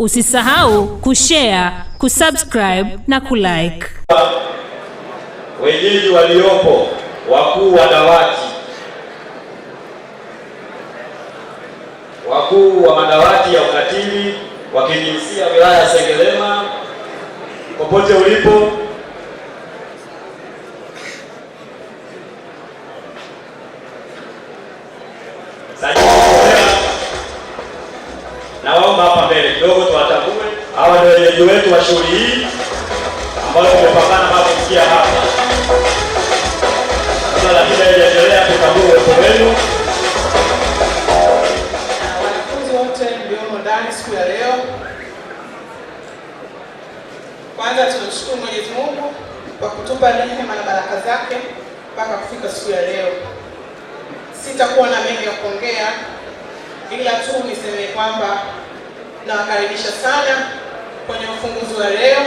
Usisahau kushare, kusubscribe na kulike. Wenyeji waliopo wakuu wa dawati, wakuu wa madawati ya ukatili wa kijinsia wilaya Sengerema, popote ulipo shughuli hii ambayo tumepambana hapo hapa. Sasa la bila kutambua uwepo wenu. Wanafunzi wote mliomo ndani siku ya leo, kwanza tunamshukuru Mwenyezi Mungu kwa kutupa rehema na baraka zake mpaka kufika siku ya leo. Sitakuwa na mengi ya kuongea, ila tu niseme kwamba nawakaribisha sana kwenye ufungu usiku wa leo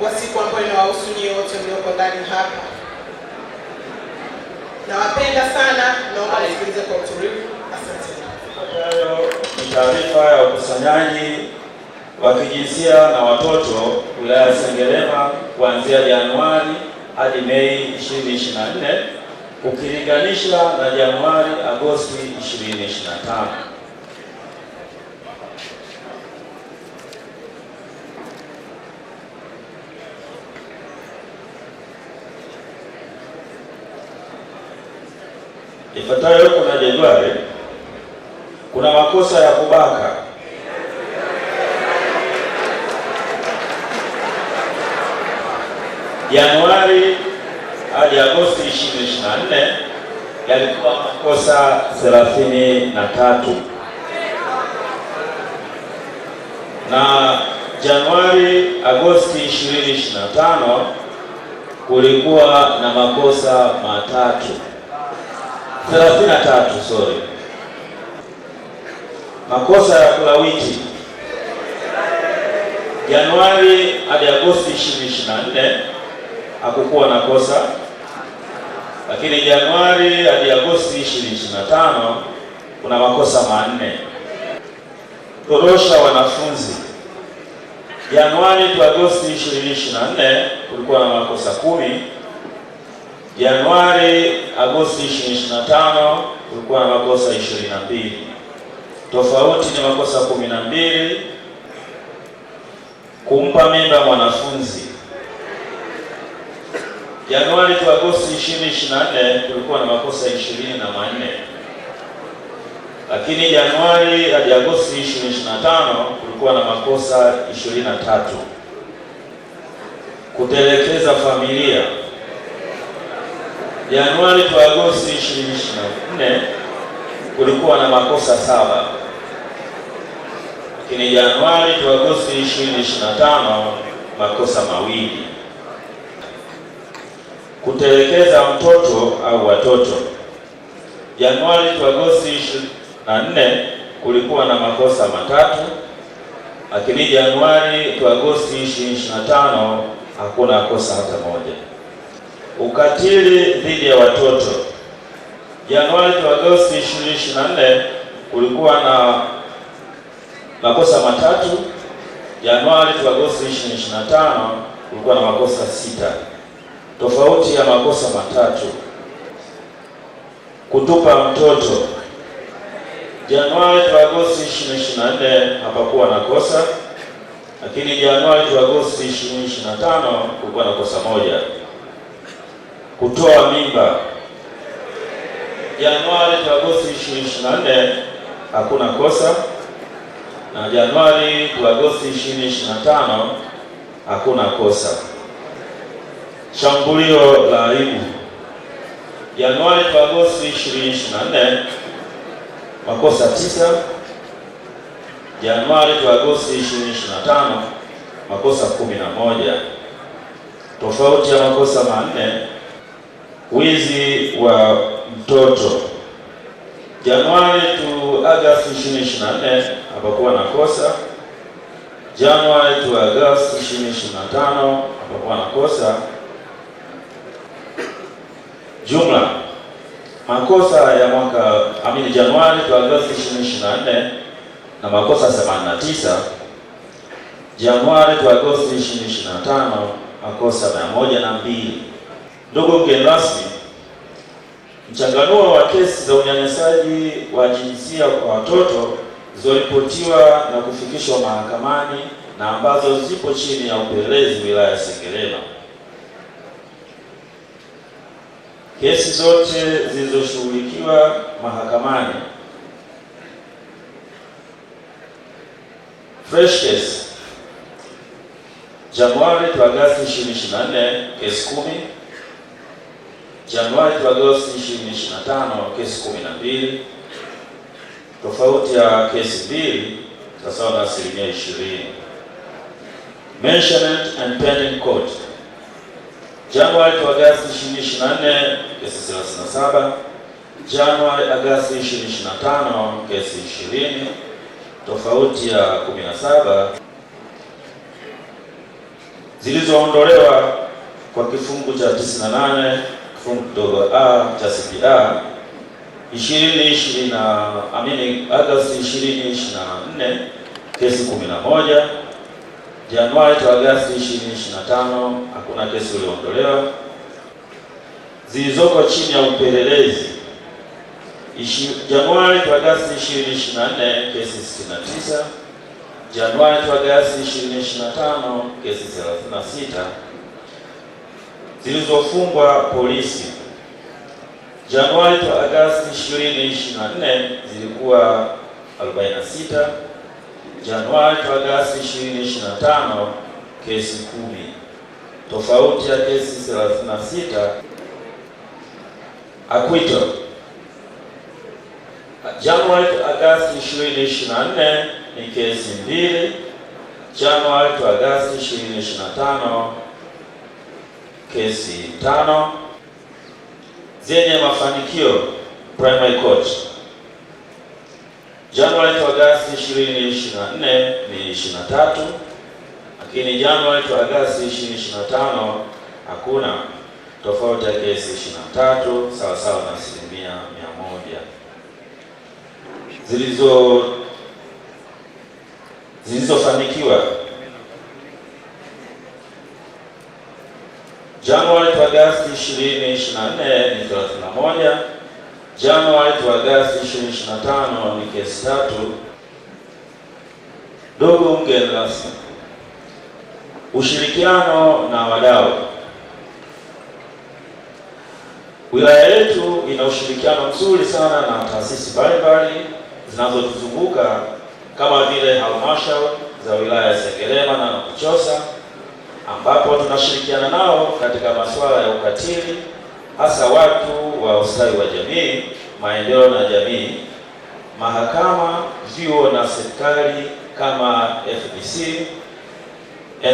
kwa siku ambayo inawahusu nyinyi wote mlioko ndani hapa. Nawapenda sana, naomba nisikilize kwa utulivu. Asante. Hayo ni taarifa ya ukusanyaji wa kijinsia na watoto wilaya ya Sengerema kuanzia Januari hadi Mei 2024 ukilinganisha na Januari Agosti 2025. ifuatayo yuko na jedwali. Kuna makosa ya kubaka, Januari hadi Agosti 2024 yalikuwa makosa 33 na Januari Agosti 2025 kulikuwa na makosa matatu. 33 sorry. Makosa ya kulawiti Januari hadi Agosti 2024 hakukuwa na kosa, lakini Januari hadi Agosti 2025 kuna makosa manne. Torosha wanafunzi Januari tu Agosti 2024 kulikuwa na makosa kumi Januari Agosti 25 kulikuwa na makosa 22, tofauti ni makosa 12. Kumpa mimba mwanafunzi Januari tu Agosti 2024 kulikuwa na makosa 24, lakini Januari hadi Agosti 2025 kulikuwa na makosa 23. Kutelekeza familia Januari kwa Agosti 2024 kulikuwa na makosa saba, lakini Januari kwa Agosti 2025 makosa mawili: kutelekeza mtoto au watoto. Januari kwa Agosti 24 kulikuwa na makosa matatu, lakini Januari kwa Agosti 2025 hakuna kosa hata moja ukatili dhidi ya watoto. Januari to Agosti 2024 kulikuwa na makosa matatu. Januari to Agosti 2025 kulikuwa na makosa sita, tofauti ya makosa matatu. Kutupa mtoto Januari to Agosti 2024 hapakuwa na kosa, lakini Januari to Agosti 2025 kulikuwa na kosa moja kutoa mimba Januari na Agosti 2024 hakuna kosa, na Januari na Agosti 2025 hakuna kosa. Shambulio la aibu Januari na Agosti 2024 makosa tisa, Januari na Agosti 2025 makosa kumi na moja, tofauti ya makosa manne wizi wa mtoto Januari tu Agosti 2024 hapakuwa na kosa. Januari tu Agosti 2025 hapakuwa na kosa. Jumla makosa ya mwaka amini, Januari tu Agosti 2024 na makosa 89, Januari tu Agosti 2025 makosa 102. Ndugu mgeni rasmi, mchanganuo wa kesi za unyanyasaji wa jinsia kwa watoto zilizoripotiwa na kufikishwa mahakamani na ambazo zipo chini ya upelelezi wilaya ya Sengerema. Kesi zote zilizoshughulikiwa mahakamani fresh case Januari to Agasti 2024 kesi kumi Januari kwa Agosti 2025 kesi 12, tofauti ya kesi mbili sawa na asilimia 20. Mentioned and pending court. Januari kwa Agosti 2024 kesi 37, Januari Agosti 2025 kesi 20, tofauti ya 17 zilizoondolewa kwa kifungu cha 98 kifungu kidogo a cha CPA 2020 amini Agosti 2024 kesi 11, Januari to Agosti 2025 hakuna kesi ulioondolewa. Zilizoko chini ya upelelezi Januari to Agosti 2024 kesi 69, Januari to Agosti 2025 kesi 36 zilizofungwa polisi Januari to Agosti 2024 zilikuwa 46, Januari to Agosti 2025 kesi kumi, tofauti ya kesi 36. akwito. Januari to Agosti 2024 ni kesi mbili, Januari to Agosti 2025 kesi tano zenye mafanikio primary court. January to August 2024 ni 23, lakini January to August 2025 hakuna tofauti ya kesi 23 sawa sawa na asilimia mia moja zilizo zilizofanikiwa Januari to Agosti 2024 ni 31, Januari to Agosti 2025 ni kesi tatu. Ndugu mgeni rasmi, ushirikiano na wadau. Wilaya yetu ina ushirikiano mzuri sana na taasisi mbalimbali zinazotuzunguka kama vile halmashauri za wilaya ya Sengerema na kuchosa ambapo tunashirikiana nao katika masuala ya ukatili, hasa watu wa ustawi wa jamii, maendeleo na jamii, mahakama, vyuo na serikali kama FBC,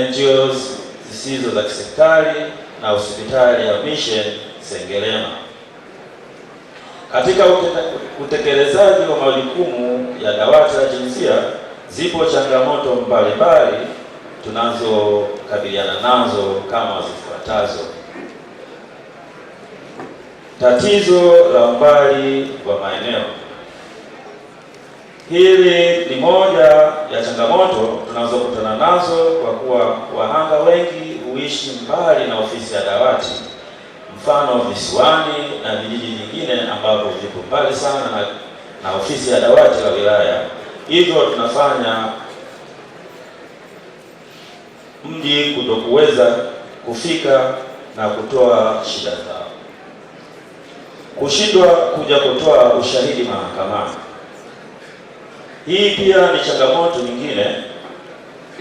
NGOs zisizo za kiserikali na hospitali ya Mission Sengerema. Katika utekelezaji wa majukumu ya dawati la jinsia, zipo changamoto mbalimbali tunazokabiliana nazo kama zifuatazo. Tatizo la umbali wa maeneo. Hili ni moja ya changamoto tunazokutana nazo kwa kuwa wahanga wengi huishi mbali na ofisi ya dawati, mfano visiwani na vijiji vingine ambavyo vipo mbali sana na ofisi ya dawati la wilaya. Hivyo tunafanya mji kutokuweza kufika na kutoa shida zao, kushindwa kuja kutoa ushahidi mahakamani. Hii pia ni changamoto nyingine,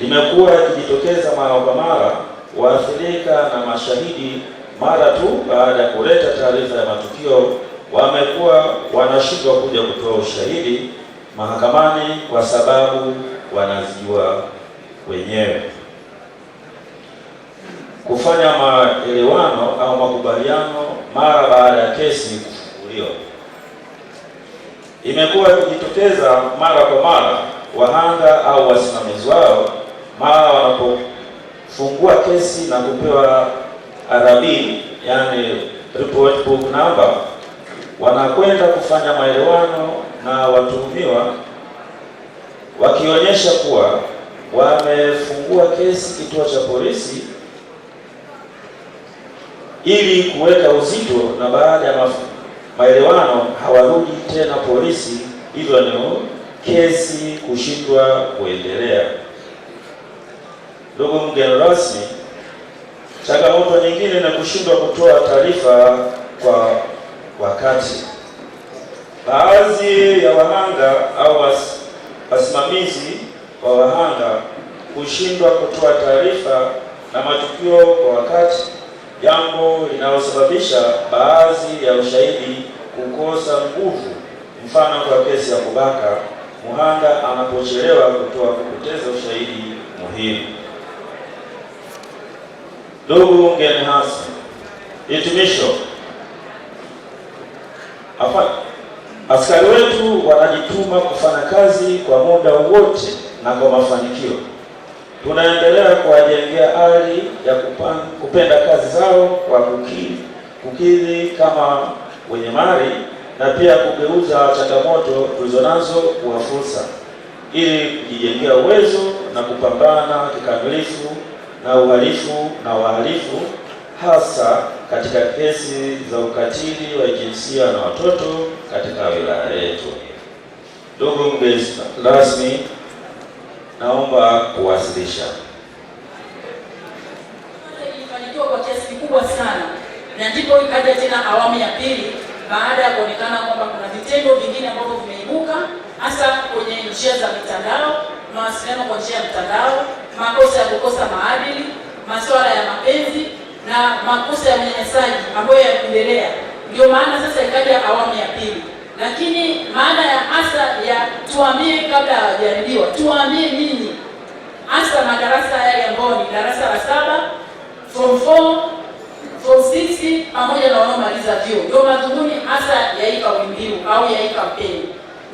imekuwa ikijitokeza mara kwa mara, waathirika na mashahidi mara tu baada ya kuleta taarifa ya matukio wamekuwa wanashindwa kuja kutoa ushahidi mahakamani kwa sababu wanazijua wenyewe kufanya maelewano au makubaliano mara baada ya kesi kufunguliwa. Imekuwa kujitokeza mara kwa mara wahanga au wasimamizi wao mara wanapofungua kesi na kupewa RB, yani report book number, wanakwenda kufanya maelewano na watuhumiwa wakionyesha kuwa wamefungua kesi kituo cha polisi ili kuweka uzito, na baada ya maelewano hawarudi tena polisi, hivyo ni kesi kushindwa kuendelea. Ndugu mgeni rasmi, changamoto nyingine ni kushindwa kutoa taarifa kwa wakati. Baadhi ya wahanga au wasimamizi wa wahanga kushindwa kutoa taarifa na matukio kwa wakati jambo linalosababisha baadhi ya ushahidi kukosa nguvu, mfano kwa kesi ya kubaka, muhanga anapochelewa kutoa kupoteza ushahidi muhimu. Ndugu mgeni hasa, hitimisho. Askari wetu wanajituma kufanya kazi kwa muda wote na kwa mafanikio tunaendelea kuwajengea hali ya kupan, kupenda kazi zao kwa kukidhi kukidhi kama wenye mali na pia kugeuza changamoto tulizonazo kuwa fursa ili kujijengea uwezo na kupambana kikamilifu na uhalifu na wahalifu hasa katika kesi za ukatili wa jinsia na watoto katika wilaya yetu. Ndugu mgeni rasmi naomba kuwasilisha ilifanikiwa kwa kiasi kikubwa sana, na ndipo ikaja tena awamu ya pili baada ya kuonekana kwamba kuna vitendo vingine ambavyo vimeibuka hasa kwenye njia za mitandao, mawasiliano kwa njia ya mtandao, makosa ya kukosa maadili, masuala ya mapenzi na makosa ya unyanyasaji ambayo yanaendelea. Ndio maana sasa ikaja awamu ya pili. Lakini maana ya hasa ya tuamie kabla hawajaribiwa, tuamie nini hasa? Madarasa haya ambayo ni darasa la saba, form four, form six pamoja na wanaomaliza vyuo, ndio madhumuni hasa ya hii kauli mbiu au ya hii kampeni.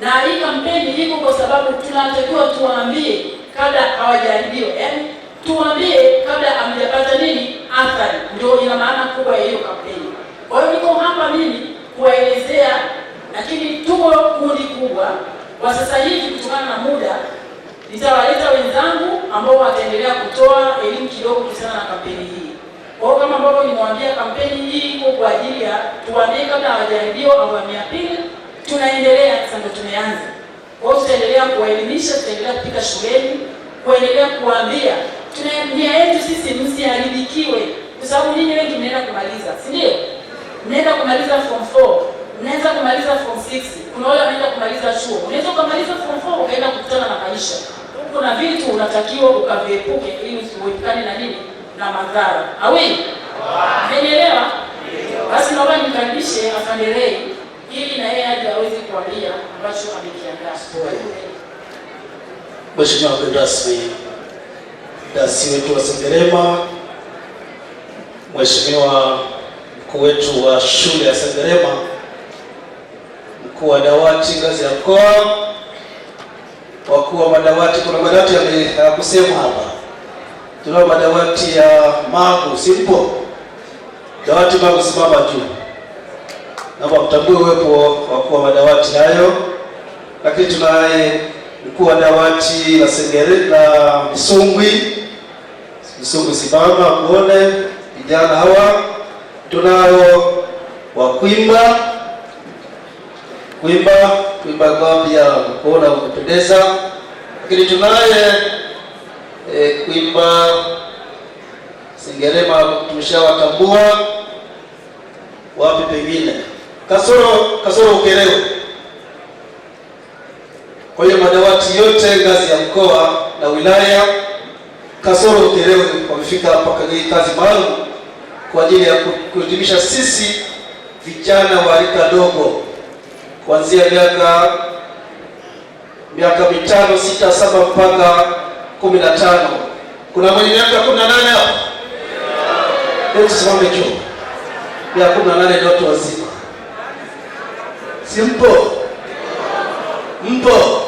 Na hii kampeni iko kwa sababu tunatakiwa tuwaambie kabla hawajaribiwa, yaani tuwaambie kabla hamjapata nini athari, ndio ina maana kubwa ya hiyo kampeni. Kwa hiyo niko hapa mimi kuwaelezea lakini tuko kundi kubwa kwa sasa hivi. Kutokana na muda, nitawaleta wenzangu ambao wataendelea kutoa elimu kidogo kuhusiana na kampeni hii. Kwa hiyo kama ambavyo nimewaambia, kampeni hii iko kwa ajili ya tuwaambie, kabla hawajaribiwa awamu ya pili tunaendelea sasa, ndio tumeanza. Kwa hiyo tutaendelea kuwaelimisha, tutaendelea kupita shuleni, kuendelea kuwaambia tunaambia yetu sisi, msiharibikiwe, kwa sababu ninyi wengi mnaenda kumaliza, si ndio? Mnaenda kumaliza form 4 unaweza kumaliza form 6, kuna wale wanaenda kumaliza chuo, unaweza kumaliza form 4 ukaenda kukutana na maisha. Kuna vitu unatakiwa ukaviepuke ili usiwekane na nini na madhara awi nielewa. Basi naomba nikaribishe afande ili na yeye aje aweze kuambia ambacho amekiandaa. Mheshimiwa mgeni rasmi, dasi wetu wa Sengerema, Mheshimiwa mkuu wetu wa shule ya Sengerema kuwa dawati ngazi ya mkoa, wakuwa madawati. Kuna madawati hayakusemwa hapa. Tunao madawati ya Magu, simpo dawati Magu, simama juu. Naomba mtambue uwepo wakuu wa madawati hayo, lakini tunaye mkuu wa dawati la Sengere la msungwi msungwi simama kuone vijana hawa. Tunao Wakwimba kuimba kuimba kwa pia kuona kupendeza, lakini tunaye e, kuimba singerema tumeshawatambua wapi pengine kasoro kasoro Ukerewe. Kwa hiyo madawati yote ngazi ya mkoa na wilaya kasoro Ukerewe wamefika mpaka hii kazi maalum kwa ajili ya kutulimisha sisi vijana wa rika dogo kuanzia miaka miaka mitano sita saba mpaka kumi na tano. Kuna mwenye miaka kumi na nane hapo? Tusimame juu. Miaka kumi na nane ni watu wazima, si mpo? Mpo?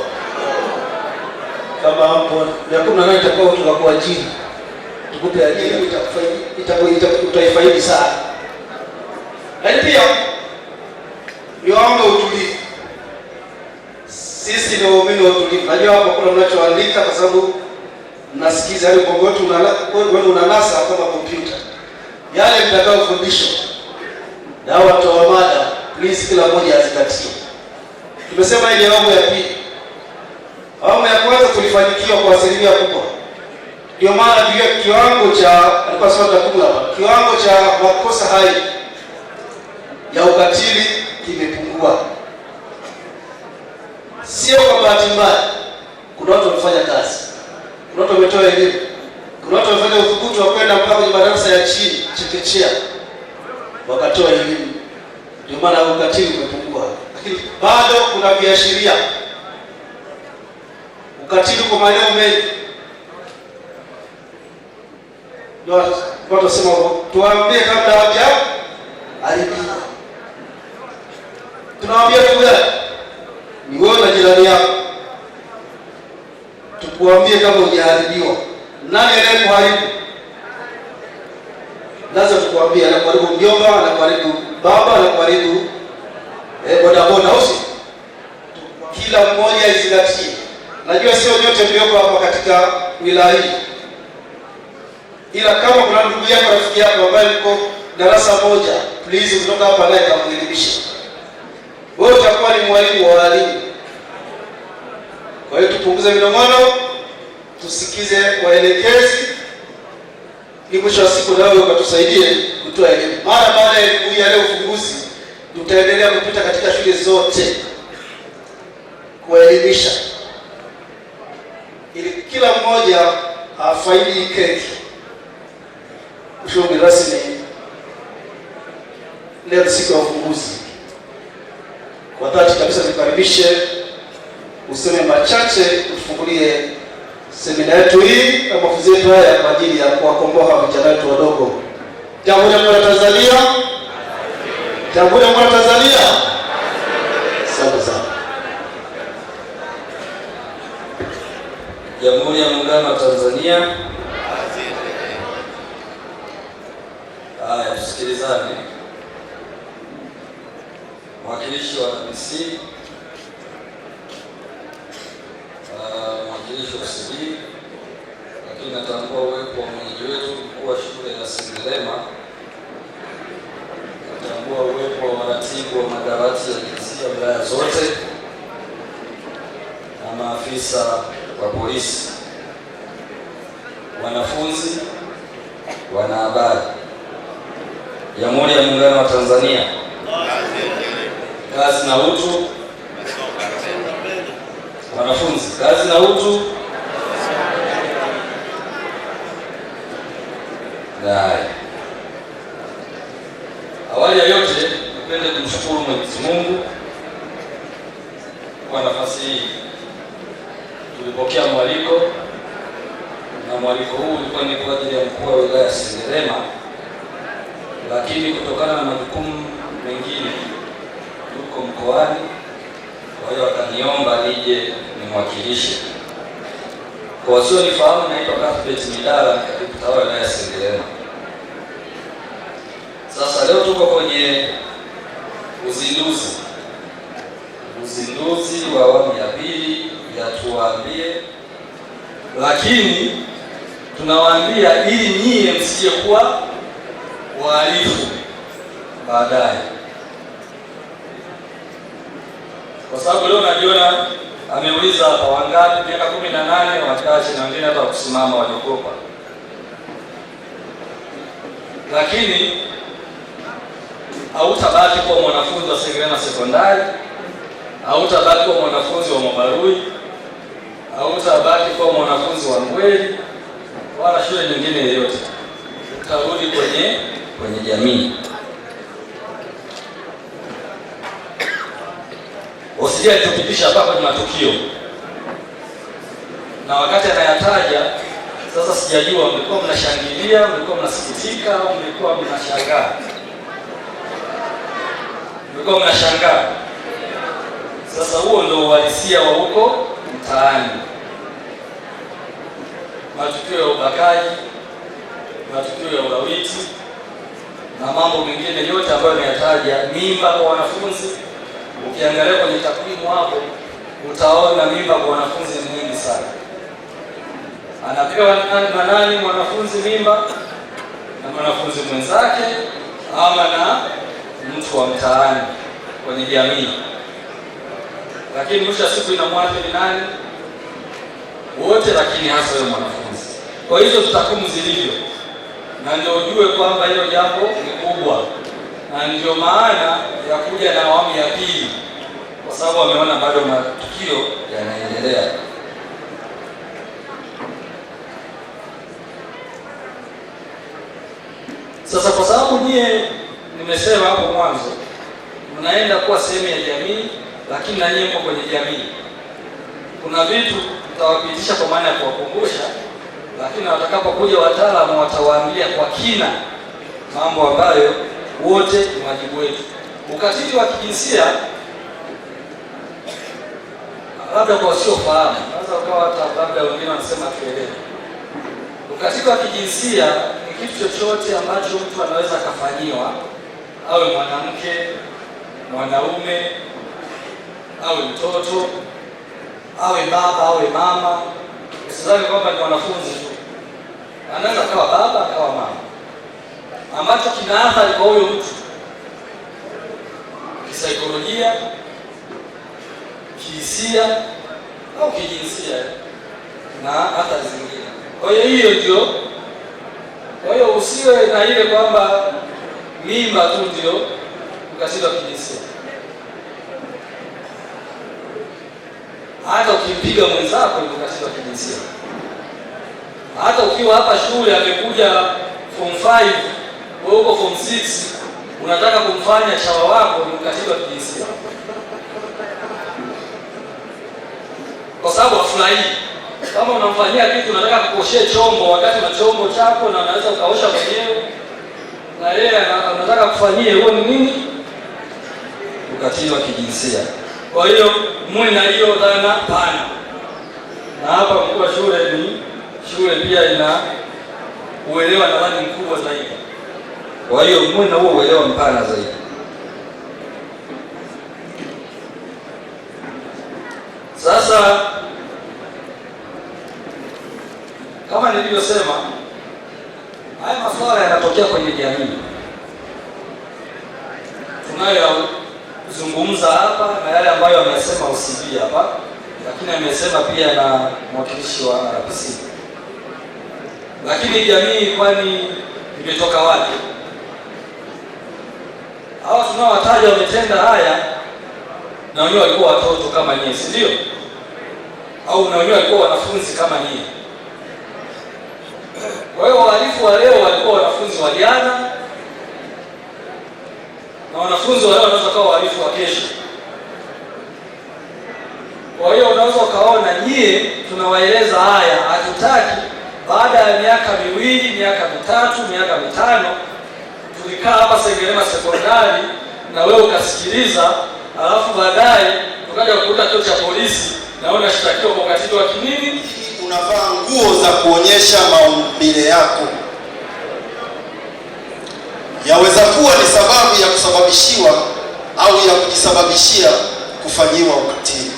kama hapo miaka kumi na nane itakuwa tunakuajiri, tukupe ajira, utaifaidi sana, lakini pia niombe sisi ni waumini watulivu. Najua hapo kuna mnachoandika kwa sababu mnasikiza yale bongo wetu unanasa kama kompyuta. Yale mtakayofundishwa na watoa mada, please kila mmoja azingatie. Tumesema ile awamu ya pili. Awamu ya kwanza tulifanikiwa kwa asilimia kubwa. Ndio maana kiwango cha alikuwa swali la kiwango cha makosa hai ya ukatili bahati mbaya, kuna watu wamefanya kazi, kuna watu wametoa elimu, kuna watu wamefanya udhubutu wa kwenda mpaka kwenye madarasa ya chini chekechea, wakatoa elimu. Ndio maana ukatili umepungua, lakini bado kuna viashiria ukatili kwa maeneo mengi. Watu wasema tuwaambie kabla hawaja haribika, tunawaambia tu ni wewe na jirani yako kuambia kama hujaharibiwa. Nani anayekuharibu? Lazima tukwambie, anakuharibu mjomba, anakuharibu baba, anakuharibu eh, bodaboda usi. Kila mmoja izingatie. Najua sio nyote mlioko hapa katika wilaya hii, ila kama kuna ndugu yako, rafiki yako ambaye mko darasa moja, please kutoka hapa naye kamwelimisha. Wewe utakuwa ni mwalimu wa walimu. Kwa hiyo tupunguze minong'ono tusikize waelekezi, ni mwisho wa siku nawe ukatusaidie kutoa elimu. Mara baada ya elimu ya leo ufunguzi, tutaendelea kupita katika shule zote kuwaelimisha, ili kila mmoja afaidi keki. Shughuli rasmi leo siku ya ufunguzi, kwa dhati kabisa tukaribishe, useme machache, utufungulie semina yetu hii na mafunzo yetu haya kwa ajili ya kuwakomboa vijana wetu wadogo. Jamhuri ya Muungano wa Tanzania, Jamhuri ya Muungano wa Tanzania. Asante sana. Jamhuri ya Muungano wa Tanzania. Haya, tusikilizane mwakilishi wa msingi mwisho usijii, lakini natambua uwepo wa mwenyeji wetu mkuu wa shule ya Sengerema, natambua uwepo wa waratibu wa madawati ya jinsia wilaya zote na maafisa wa polisi, wanafunzi, wanahabari. Jamhuri ya Muungano wa Tanzania, kazi na utu wanafunzi kazi na utu na awali ya yote, nipende kumshukuru Mwenyezi Mungu kwa nafasi hii. Tulipokea mwaliko na mwaliko huu ulikuwa ni kwa ajili ya mkuu wa wilaya ya Sengerema, lakini kutokana na majukumu mengine yuko mkoani kwa hiyo wakaniomba nije nimwakilishe. Kwa wasionifahamu, naitwa Cuthbert Mindala, katibu tawala wilaya ya Sengerema. Sasa leo tuko kwenye uzinduzi uzinduzi wa awamu ya pili ya tuwaambie, lakini tunawaambia ili nyie msije kuwa wahalifu baadaye. kwa sababu leo najiona ameuliza hapa wangapi, miaka kumi na nane wachache, na wengine hata wakusimama waliokopa. Lakini hautabaki kuwa mwanafunzi wa Sengerema Sekondari, hautabaki kuwa mwanafunzi wa Mwabarui, hautabaki kuwa mwanafunzi wa Ngweli wala shule nyingine yoyote, utarudi kwenye kwenye jamii. sheria ilitupitisha hapa ni matukio, na wakati anayataja sasa, sijajua mlikuwa mnashangilia, mlikuwa mnasikitika, au mlikuwa mnashangaa? Mlikuwa mnashangaa. Sasa huo ndio uhalisia wa huko mtaani, matukio ya ubakaji, matukio ya ulawiti na mambo mengine yote ambayo ameyataja mimba kwa wanafunzi Ukiangalia kwenye takwimu hapo utaona mimba kwa wanafunzi ni mwingi sana. Anapewa nani mwanafunzi mimba? Na mwanafunzi mwenzake ama na mtu wa mtaani kwenye jamii, lakini mwisho siku inamwathiri nani? Wote, lakini hasa yule mwanafunzi. Kwa hizo takwimu zilivyo, na ndio ujue kwamba hiyo jambo ni kubwa na ndio maana ya kuja na awamu ya pili, kwa sababu wameona bado matukio yanaendelea. Sasa kwa sababu nyie, nimesema hapo mwanzo, mnaenda kuwa sehemu ya jamii, lakini na nyie mko kwenye jamii. Kuna vitu tutawapitisha kwa maana ya kuwakumbusha, lakini watakapokuja wataalamu watawaambia kwa kina mambo ambayo wote ni wajibu wetu. Ukatili wa kijinsia labda kwa wasiofahamu, naweza ukawa hata labda wengine wanasema kielewe. Ukatili wa kijinsia ni kitu chochote ambacho mtu anaweza akafanyiwa, awe mwanamke, mwanaume, awe mtoto, awe baba, awe mama. Sidhani kwamba ni wanafunzi tu, anaweza akawa baba, akawa mama ambacho kina athari kwa huyo mtu kisaikolojia, kihisia au kijinsia na athari zingine. Kwa hiyo hiyo ndio, kwa hiyo usiwe na ile kwamba mimba tu ndio ukashindwa kijinsia. Hata ukimpiga mwenzako ni kijinsia. Hata ukiwa hapa shule amekuja form 5 wewe uko form 6 unataka kumfanya shawa wako ni mkatili wa kijinsia kwa sababu afurahii. Kama unamfanyia kitu, unataka kukoshea chombo wakati na chombo chako na unaweza ukaosha mwenyewe, na yeye anataka kufanyia, huo ni nini? Ukatili wa kijinsia. Kwa hiyo mwe na hiyo dhana pana, na hapa mkuu wa shule ni shule pia ina uelewa na nadhani mkubwa zaidi. Kwa hiyo mwe na huo uelewa mpana zaidi. Sasa kama nilivyosema, haya masuala yanatokea kwenye jamii tunayozungumza hapa na yale ambayo amesema OCD hapa, lakini amesema pia na mwakilishi wa RPC. Lakini jamii kwani imetoka wapi? hawa tunaowataja wametenda haya, na wenyewe walikuwa watoto kama nyie, si ndio? Au na wenyewe walikuwa wanafunzi kama nyie. Kwa hiyo wahalifu wa leo walikuwa wanafunzi wa jana, na wanafunzi wa leo wanaweza kuwa wahalifu wa kesho. Kwa hiyo unaweza ukaona nyie, tunawaeleza haya, hatutaki baada ya miaka miwili, miaka mitatu, miaka mitano tulikaa hapa Sengerema Sekondari na wewe ukasikiliza, alafu baadaye ukaja kukuta kituo cha polisi na wewe unashtakiwa kwa ukatili wa kinini. Unavaa nguo za kuonyesha maumbile yako, yaweza kuwa ni sababu ya kusababishiwa au ya kujisababishia kufanyiwa ukatili.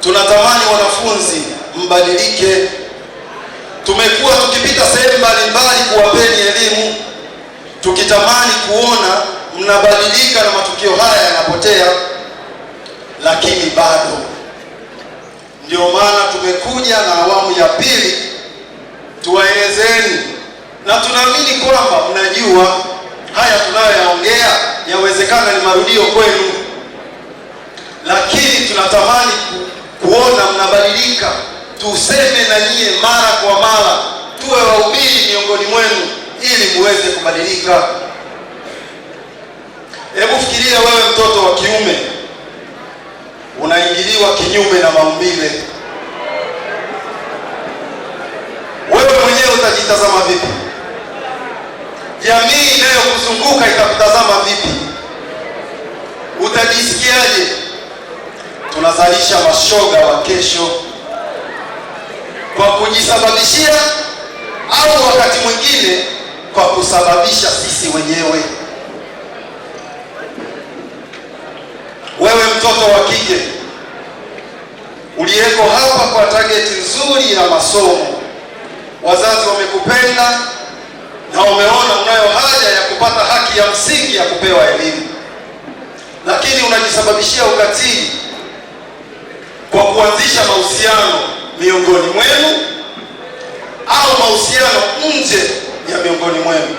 Tunatamani wanafunzi mbadilike. Tumekuwa tukipita sehemu mbalimbali kuwapeni elimu tukitamani kuona mnabadilika na matukio haya yanapotea, lakini bado. Ndio maana tumekuja na awamu ya pili tuwaelezeni, na tunaamini kwamba mnajua haya tunayoyaongea yawezekana ni marudio kwenu, lakini tunatamani kuona mnabadilika, tuseme na nyie mara kwa mara, tuwe wahubiri miongoni mwenu ili muweze kubadilika. Hebu fikiria wewe mtoto wa kiume unaingiliwa kinyume na maumbile, wewe mwenyewe utajitazama vipi? Jamii inayokuzunguka itakutazama vipi? Utajisikiaje? Tunazalisha mashoga wa kesho kwa kujisababishia, au wakati mwingine kwa kusababisha sisi wenyewe. Wewe mtoto wa kike uliyeko hapa kwa tageti nzuri ya masomo, wazazi wamekupenda na wameona unayo haja ya kupata haki ya msingi ya kupewa elimu, lakini unajisababishia ukatili kwa kuanzisha mahusiano miongoni mwenu au mahusiano nje ya miongoni mwenu.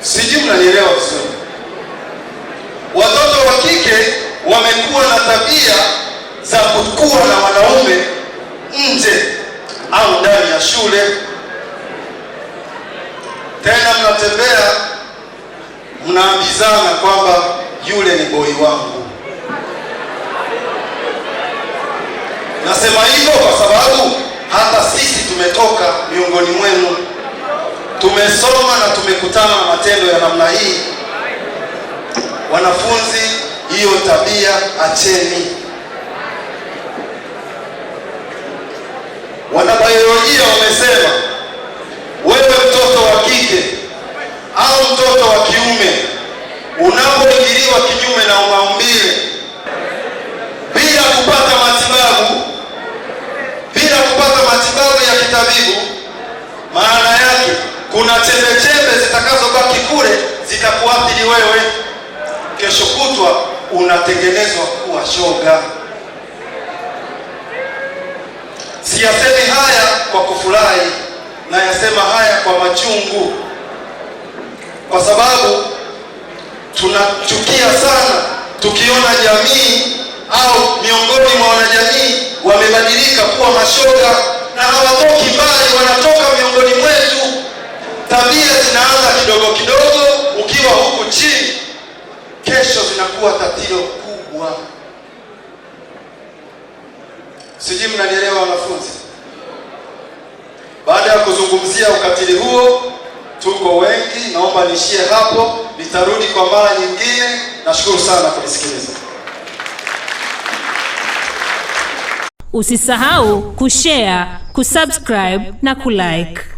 Sijui mnanielewa vizuri. Watoto wa kike wamekuwa na tabia za kukua na wanaume nje au ndani ya shule, tena mnatembea mnaambizana kwamba yule ni boi wangu. Nasema hivyo kwa sababu hata sisi tumetoka miongoni mwenu, tumesoma na tumekutana na matendo ya namna hii. Wanafunzi, hiyo tabia acheni. Wanabaiolojia wamesema wewe mtoto wa kike au mtoto wa kiume unapoingiliwa kinyume na maumbile bila kupata kitabibu, maana yake kuna chembechembe zitakazobaki kule zitakuathiri wewe. Kesho kutwa unatengenezwa kuwa shoga. Siyasemi haya kwa kufurahi, nayasema haya kwa machungu, kwa sababu tunachukia sana tukiona jamii au miongoni mwa wanajamii wamebadilika kuwa mashoga na hawatoki mbali, wanatoka miongoni mwetu. Tabia zinaanza kidogo kidogo, ukiwa huku chini, kesho zinakuwa tatizo kubwa. Sijui mnanielewa wanafunzi? Baada ya kuzungumzia ukatili huo, tuko wengi, naomba niishie hapo, nitarudi kwa mara nyingine. Nashukuru sana kunisikiliza. Usisahau kushare, kusubscribe na kulike.